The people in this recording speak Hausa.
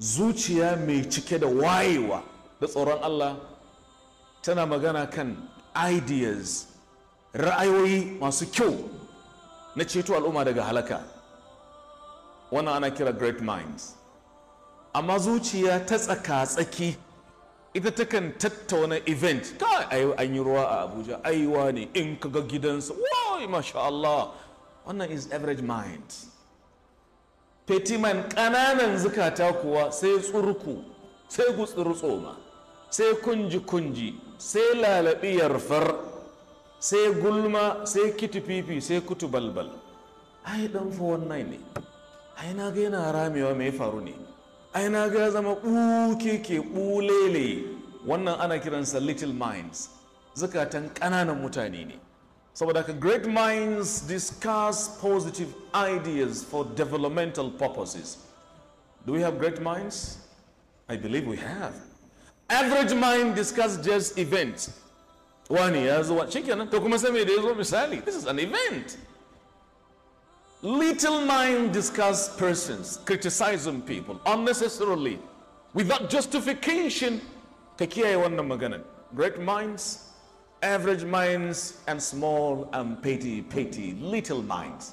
zuciya mai cike da wayewa da tsoron Allah tana magana kan ideas ra'ayoyi masu kyau na ceto al'umma daga halaka wannan ana kira great minds amma zuciya ta tsaka-tsaki ita takan tattauna event kai an yi ruwa a abuja aiwa ne in kaga gidansa wai masha Allah wannan is average mind fetiman ƙananan zukata kuwa sai tsurku sai gutsuru tsoma sai kunji-kunji sai lalabi yarfar sai gulma sai kitififi sai kutu balbal ai dan wannan ne ai na ga yana ramewa mai faru ne ai na ga ya zama ɓuke ke ɓulele wannan ana kiransa little minds zukatan ƙananan mutane ne So that great minds discuss positive ideas for developmental purposes. Do we have great minds? I believe we have. Average mind discusses just events. One year, what chicken, this is an event. Little mind discuss persons, criticizing people unnecessarily, without justification. Great minds average minds and small and petty, petty, little minds.